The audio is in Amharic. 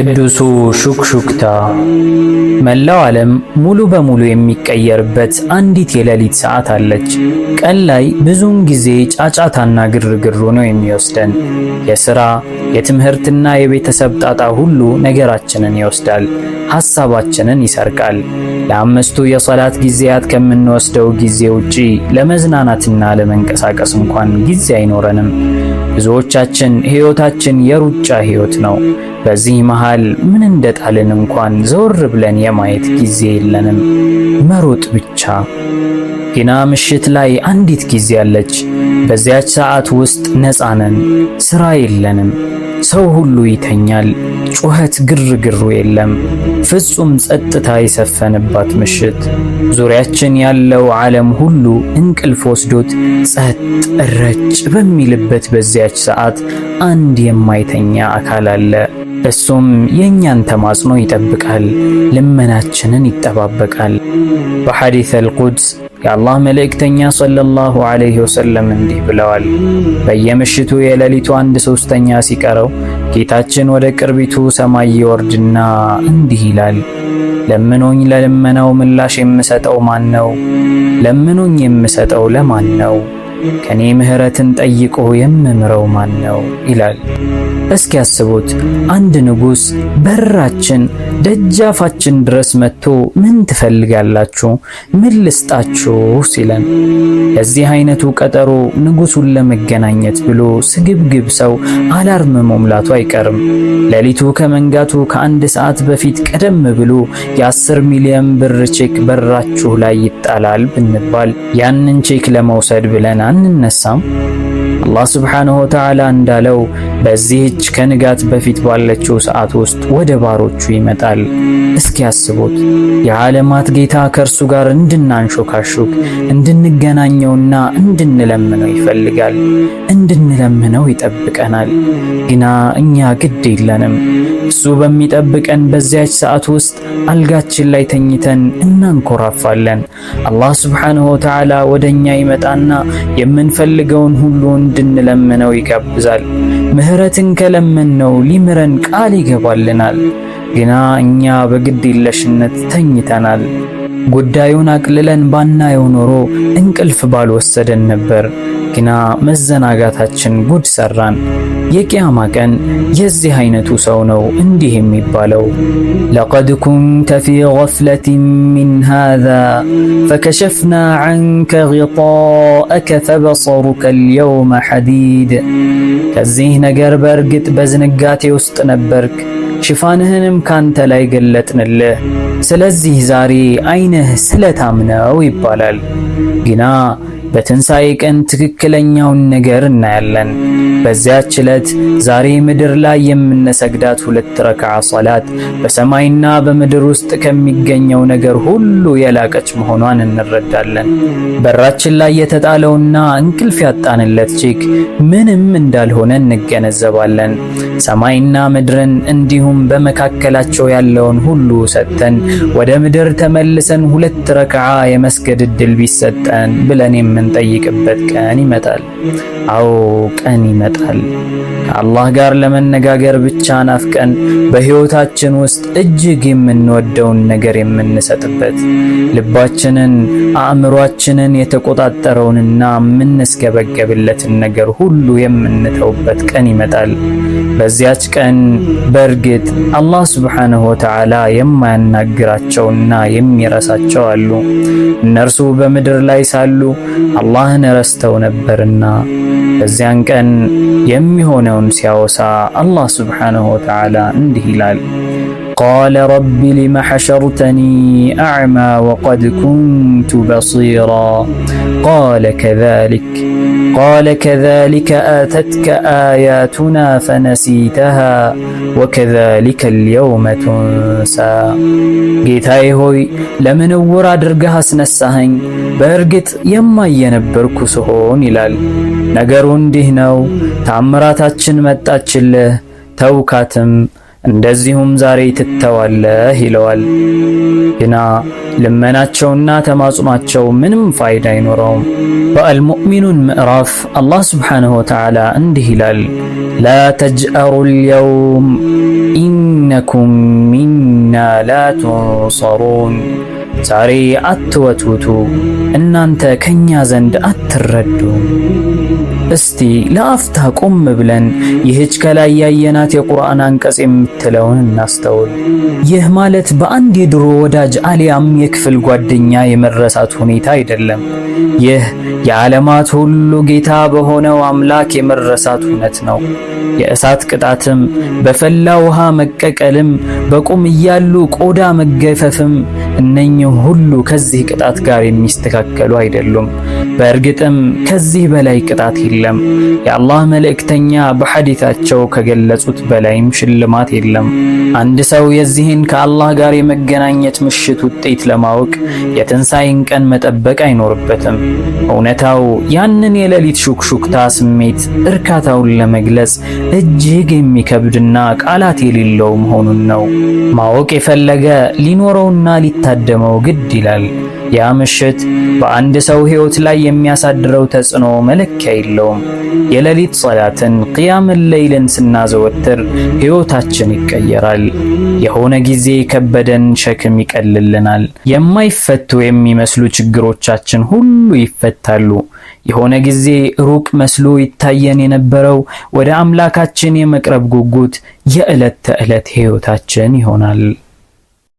ቅዱሱ ሹክሹክታ መላው ዓለም ሙሉ በሙሉ የሚቀየርበት አንዲት የሌሊት ሰዓት አለች። ቀን ላይ ብዙውን ጊዜ ጫጫታና ግርግሩ ነው የሚወስደን። የሥራ የትምህርትና የቤተሰብ ጣጣ ሁሉ ነገራችንን ይወስዳል፣ ሐሳባችንን ይሰርቃል። ለአምስቱ የሰላት ጊዜያት ከምንወስደው ጊዜ ውጪ ለመዝናናትና ለመንቀሳቀስ እንኳን ጊዜ አይኖረንም። ብዙዎቻችን ሕይወታችን የሩጫ ሕይወት ነው። በዚህ መሃል ምን እንደጣልን እንኳን ዘወር ብለን የማየት ጊዜ የለንም፣ መሮጥ ብቻ። ግና ምሽት ላይ አንዲት ጊዜ አለች። በዚያች ሰዓት ውስጥ ነፃ ነን፣ ሥራ የለንም፣ ሰው ሁሉ ይተኛል፣ ጩኸት ግርግሩ የለም፣ ፍጹም ጸጥታ የሰፈነባት ምሽት። ዙሪያችን ያለው ዓለም ሁሉ እንቅልፍ ወስዶት ጸጥ እረጭ በሚልበት በዚያች ሰዓት አንድ የማይተኛ አካል አለ። እሱም የእኛን ተማጽኖ ይጠብቃል፣ ልመናችንን ይጠባበቃል። በሐዲስ አልቁድስ የአላህ መልእክተኛ ሰለላሁ ዐለይሂ ወሰለም እንዲህ ብለዋል። በየምሽቱ የሌሊቱ አንድ ሶስተኛ ሲቀረው ጌታችን ወደ ቅርቢቱ ሰማይ ይወርድና እንዲህ ይላል፣ ለምኖኝ ለልመናው ምላሽ የምሰጠው ማን ነው? ለምኖኝ የምሰጠው ለማን ነው? ከኔ ምህረትን ጠይቆ የምምረው ማን ነው? ይላል። እስኪ ያስቡት አንድ ንጉስ በራችን ደጃፋችን ድረስ መጥቶ ምን ትፈልጋላችሁ? ምን ልስጣችሁ? ሲለን ለዚህ አይነቱ ቀጠሮ ንጉሱን ለመገናኘት ብሎ ስግብግብ ሰው አላርም መሙላቱ አይቀርም። ሌሊቱ ከመንጋቱ ከአንድ ሰዓት በፊት ቀደም ብሎ የአስር ሚሊዮን ብር ቼክ በራችሁ ላይ ይጣላል ብንባል ያንን ቼክ ለመውሰድ ብለን አንነሳም? አላህ ሱብሓነሁ ወተዓላ እንዳለው በዚህች ከንጋት በፊት ባለችው ሰዓት ውስጥ ወደ ባሮቹ ይመጣል። እስኪያስቡት የዓለማት ጌታ ከእርሱ ጋር እንድናንሾካሹክ እንድንገናኘውና እንድንለምነው ይፈልጋል። እንድንለምነው ይጠብቀናል። ግና እኛ ግድ የለንም። እሱ በሚጠብቀን በዚያች ሰዓት ውስጥ አልጋችን ላይ ተኝተን እናንኮራፋለን። አላህ ስብሓንሁ ወተዓላ ወደ እኛ ይመጣና የምንፈልገውን ሁሉ እንድንለምነው ይጋብዛል። ምህረትን ከለመን ነው ሊምረን ቃል ይገባልናል። ግና እኛ በግድ የለሽነት ተኝተናል። ጉዳዩን አቅልለን ባናየው ኖሮ እንቅልፍ ባልወሰደን ነበር። ግና መዘናጋታችን ጉድ ሰራን። የቅያማ ቀን የዚህ አይነቱ ሰው ነው እንዲህ የሚባለው። ለቀድ ኩንተ ፊ ገፍለትን ሚን ሃዛ ፈከሸፍና ዐንከ ጊጣእከ ፈበሰሩከ ልየውመ ሐዲድ። ከዚህ ነገር በእርግጥ በዝንጋቴ ውስጥ ነበርክ ሽፋንህንም ካንተ ላይ ገለጥንልህ። ስለዚህ ዛሬ አይንህ ስለታም ነው ይባላል። ግና በትንሣኤ ቀን ትክክለኛውን ነገር እናያለን። በዚያች ዕለት ዛሬ ምድር ላይ የምንሰግዳት ሁለት ረክዓ ሰላት በሰማይና በምድር ውስጥ ከሚገኘው ነገር ሁሉ የላቀች መሆኗን እንረዳለን። በራችን ላይ የተጣለውና እንቅልፍ ያጣንለት ቼክ ምንም እንዳልሆነ እንገነዘባለን። ሰማይና ምድርን እንዲሁም በመካከላቸው ያለውን ሁሉ ሰጥተን ወደ ምድር ተመልሰን ሁለት ረክዓ የመስገድ እድል ቢሰጠን ብለን የምንጠይቅበት ቀን ይመጣል። አዎ ቀን ይመጣል። ከአላህ ጋር ለመነጋገር ብቻ ናፍቀን በሕይወታችን ውስጥ እጅግ የምንወደውን ነገር የምንሰጥበት ልባችንን አእምሯችንን የተቆጣጠረውንና የምንስገበገብለትን ነገር ሁሉ የምንተውበት ቀን ይመጣል። በዚያች ቀን በእርግጥ አላህ ሱብሓነሁ ወተዓላ የማያናግራቸውና የሚረሳቸው አሉ። እነርሱ በምድር ላይ ሳሉ አላህን ረስተው ነበርና። በዚያን ቀን የሚሆነውን ሲያወሳ አላህ ሱብሓነሁ ወተዓላ እንዲህ ይላል ቃለ ረቢ ሊመ ሐሸርተኒ አዕማ ወቀድ ኩንቱ በሲራ ቃለ ከዛሊክ قال كذلك آتتك آياتنا فنسيتها وكذلك اليوم تنسى ጌታዬ هوي ለምን እውር አድርገህ አስነሳኸኝ? በእርግጥ የማይ የነበርኩ ስሆን ይላል። ነገሩ እንዲህ ነው። ታምራታችን እንደዚሁም ዛሬ ትተዋለህ ይለዋል። ግና ልመናቸውና ተማጽኗቸው ምንም ፋይዳ አይኖረውም። በአልሙእሚኑን ምዕራፍ አላህ ስብሓንሁ ወተዓላ እንዲህ ይላል፣ ላ ተጅአሩ ልየውም ኢነኩም ሚና ላ ቱንሰሩን። ዛሬ አትወትውቱ፣ እናንተ ከእኛ ዘንድ አትረዱ። እስቲ ለአፍታ ቆም ብለን ይህች ከላይ ያየናት የቁርአን አንቀጽ የምትለውን እናስተውል። ይህ ማለት በአንድ የድሮ ወዳጅ አሊያም የክፍል ጓደኛ የመረሳት ሁኔታ አይደለም። ይህ የዓለማት ሁሉ ጌታ በሆነው አምላክ የመረሳት እውነት ነው። የእሳት ቅጣትም፣ በፈላ ውሃ መቀቀልም፣ በቁም እያሉ ቆዳ መገፈፍም እነኚህ ሁሉ ከዚህ ቅጣት ጋር የሚስተካከሉ አይደሉም። በእርግጥም ከዚህ በላይ ቅጣት የለም። የአላህ መልእክተኛ በሐዲታቸው ከገለጹት በላይም ሽልማት የለም። አንድ ሰው የዚህን ከአላህ ጋር የመገናኘት ምሽት ውጤት ለማወቅ የትንሣኤን ቀን መጠበቅ አይኖርበትም። እውነታው ያንን የሌሊት ሹክሹክታ ስሜት እርካታውን ለመግለጽ እጅግ የሚከብድና ቃላት የሌለው መሆኑን ነው። ማወቅ የፈለገ ሊኖረውና ሊታደመው ግድ ይላል። ያ ምሽት በአንድ ሰው ሕይወት ላይ የሚያሳድረው ተጽዕኖ መለኪያ የለውም። የሌሊት ጸላትን ቅያምን ሌይልን ስናዘወትር ሕይወታችን ይቀየራል። የሆነ ጊዜ ከበደን ሸክም ይቀልልናል። የማይፈቱ የሚመስሉ ችግሮቻችን ሁሉ ይፈታሉ። የሆነ ጊዜ ሩቅ መስሎ ይታየን የነበረው ወደ አምላካችን የመቅረብ ጉጉት የዕለት ተዕለት ሕይወታችን ይሆናል።